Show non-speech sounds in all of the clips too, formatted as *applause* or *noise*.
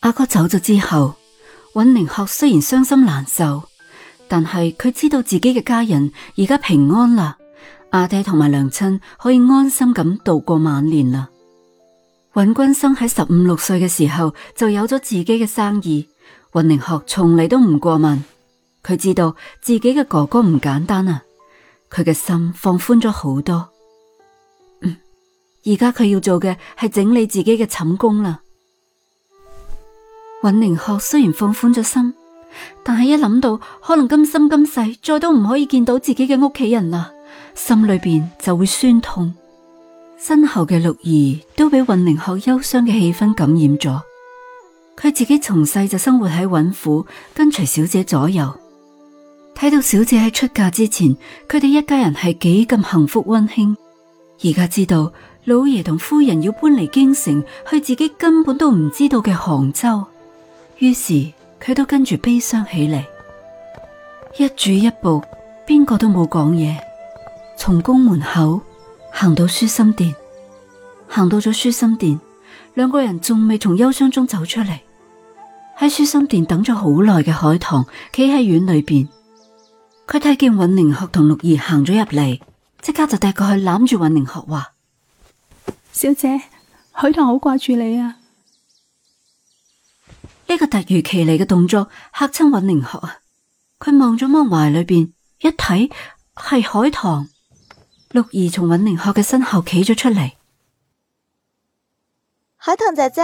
阿哥走咗之後，尹寧學雖然傷心難受，但係佢知道自己嘅家人而家平安啦，阿爹同埋娘親可以安心咁度過晚年啦。尹君生喺十五六歲嘅時候就有咗自己嘅生意，尹寧學從嚟都唔過問，佢知道自己嘅哥哥唔簡單啊，佢嘅心放寬咗好多。嗯，而家佢要做嘅係整理自己嘅寢宮啦。尹寧鶴雖然放寬咗心，但係一諗到可能今生今世再都唔可以見到自己嘅屋企人啦，心裏邊就會酸痛。身後嘅六兒都俾尹寧鶴憂傷嘅氣氛感染咗，佢自己從細就生活喺尹府，跟隨小姐左右，睇到小姐喺出嫁之前，佢哋一家人係幾咁幸福溫馨，而家知道老爺同夫人要搬嚟京城，去自己根本都唔知道嘅杭州。於是佢都跟住悲傷起嚟，一主一步，邊個都冇講嘢。從宮門口行到舒心殿，行到咗舒心殿，兩個人仲未從憂傷中走出嚟。喺舒心殿等咗好耐嘅海棠，企喺院裏邊，佢睇見尹寧鶴同六兒行咗入嚟，即刻就趯過去攬住尹寧鶴話：小姐，海棠好掛住你啊！呢個突如其來嘅動作嚇親尹寧鶴啊！佢望咗望懷裏邊，一睇係海棠。六兒從尹寧鶴嘅身後企咗出嚟。海棠姐姐，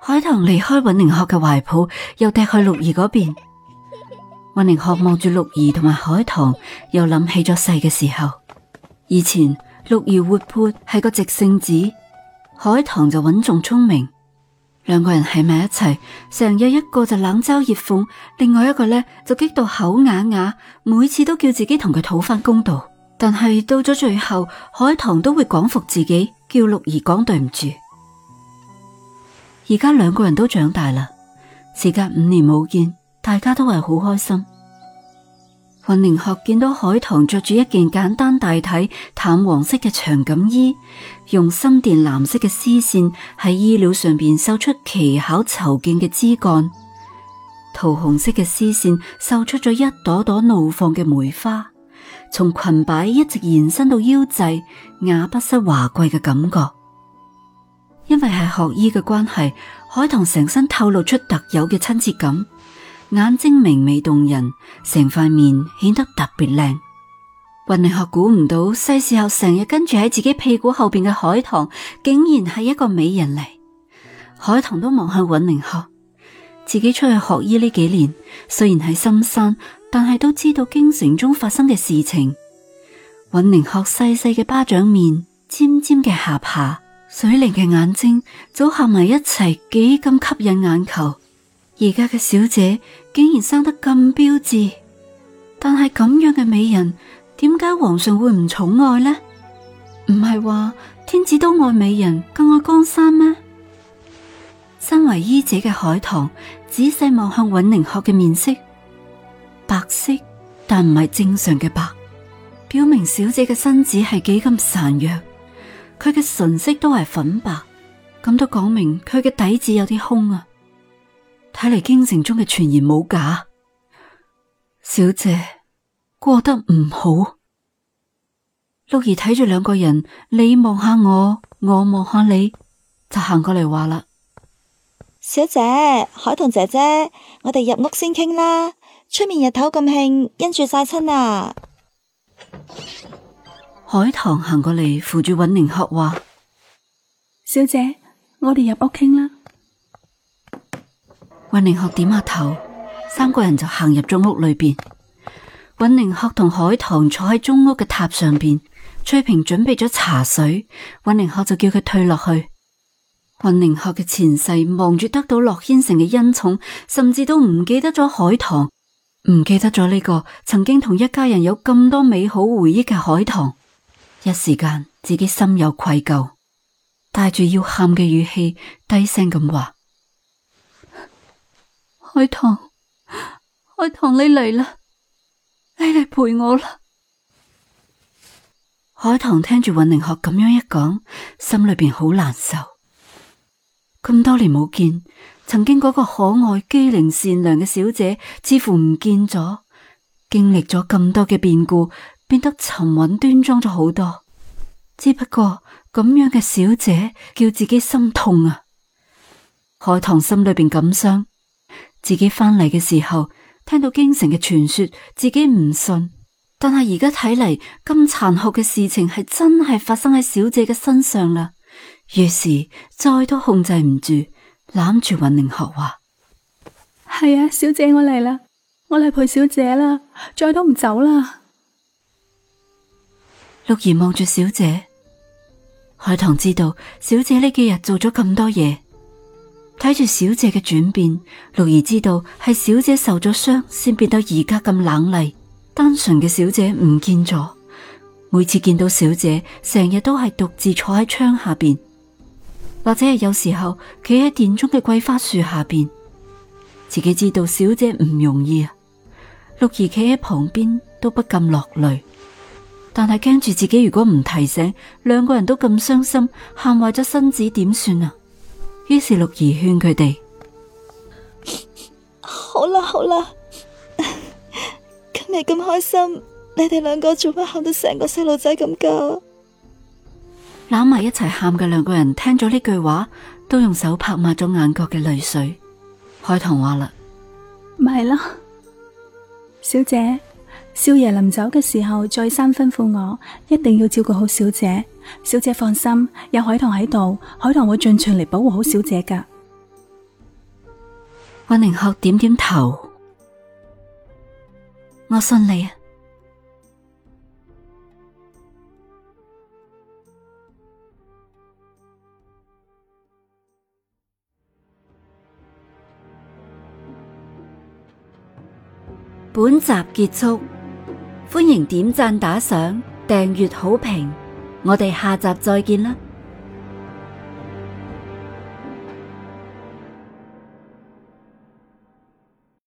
海棠離開尹寧鶴嘅懷抱，又踢去六兒嗰邊。尹寧鶴望住六兒同埋海棠，又諗起咗細嘅時候。以前六兒活潑係個直性子，海棠就穩重聰明。兩個人喺埋一齊，成日一個就冷嘲熱諷，另外一個呢，就激到口啞啞，每次都叫自己同佢討翻公道。但係到咗最後，海棠都會講服自己，叫六兒講對唔住。而家兩個人都長大啦，時隔五年冇見，大家都係好開心。雲寧學見到海棠着住一件簡單大體淡黃色嘅長錦衣，用深靛藍色嘅絲線喺衣料上邊繡出奇巧遒勁嘅枝幹，桃紅色嘅絲線繡出咗一朵朵怒放嘅梅花，從裙擺一直延伸到腰際，雅不失華貴嘅感覺。因為係學醫嘅關係，海棠成身透露出特有嘅親切感。眼睛明媚動人，成塊面顯得特別靚。尹寧鶴估唔到細時候成日跟住喺自己屁股後邊嘅海棠，竟然係一個美人嚟。海棠都望向尹寧鶴，自己出去學醫呢幾年，雖然喺深山，但係都知道京城中發生嘅事情。尹寧鶴細細嘅巴掌面，尖尖嘅下巴，水靈嘅眼睛，組合埋一齊，幾咁吸引眼球。而家嘅小姐竟然生得咁標緻，但係咁樣嘅美人，點解皇上會唔寵愛呢？唔係話天子都愛美人，更愛江山咩？身為醫者嘅海棠仔細望向尹寧鶴嘅面色，白色但唔係正常嘅白，表明小姐嘅身子係幾咁孱弱。佢嘅唇色都係粉白，咁都講明佢嘅底子有啲空啊。睇嚟京城中嘅傳言冇假，小姐過得唔好。六兒睇住兩個人，你望下我，我望下你，就行過嚟話啦。小姐，海棠姐姐，我哋入屋先傾啦。出面日頭咁興，因住曬親啊！海棠行過嚟扶住允寧客話，小姐，我哋入屋傾啦。尹寧鶴點下頭，三個人就行入咗屋裏邊。尹寧鶴同海棠坐喺中屋嘅榻上邊，翠萍準備咗茶水，尹寧鶴就叫佢退落去。尹寧鶴嘅前世忙住得到洛軒城嘅恩寵，甚至都唔記得咗海棠，唔記得咗呢個曾經同一家人有咁多美好回憶嘅海棠。一時間自己心有愧疚，帶住要喊嘅語氣低聲咁話。海棠，海棠你，你嚟啦，你嚟陪我啦。海棠聽住尹寧學咁樣一講，心裏邊好難受。咁多年冇見，曾經嗰個可愛、機靈、善良嘅小姐，似乎唔見咗。經歷咗咁多嘅變故，變得沉穩、端莊咗好多。只不過咁樣嘅小姐，叫自己心痛啊！海棠心裏邊感傷。自己翻嚟嘅時候，聽到京城嘅傳說，自己唔信，但係而家睇嚟咁殘酷嘅事情係真係發生喺小姐嘅身上啦。於是再都控制唔住，攬住雲寧鶴話：係啊，小姐，我嚟啦，我嚟陪小姐啦，再都唔走啦。六兒望住小姐，海棠知道小姐呢幾日做咗咁多嘢。睇住小姐嘅轉變，六兒知道係小姐受咗傷，先變到而家咁冷厲。單純嘅小姐唔見咗，每次見到小姐，成日都係獨自坐喺窗下邊，或者係有時候企喺殿中嘅桂花樹下邊。自己知道小姐唔容易啊，六兒企喺旁邊都不禁落淚，但係驚住自己如果唔提醒，兩個人都咁傷心，喊壞咗身子點算啊！於是六兒勸佢哋：好啦好啦， *laughs* 今日咁開心，你哋兩個做乜喊到成個細路仔咁噶？攬埋一齊喊嘅兩個人聽咗呢句話，都用手拍抹咗眼角嘅淚水。海棠話啦：咪咯，小姐。少爺臨走嘅時候，再三吩咐我一定要照顧好小姐。小姐放心，有海棠喺度，海棠會盡全力保護好小姐㗎。溫寧鶴點點頭，我信你啊。本集結束。歡迎點讚、打賞、訂閱、好評，我哋下集再見啦！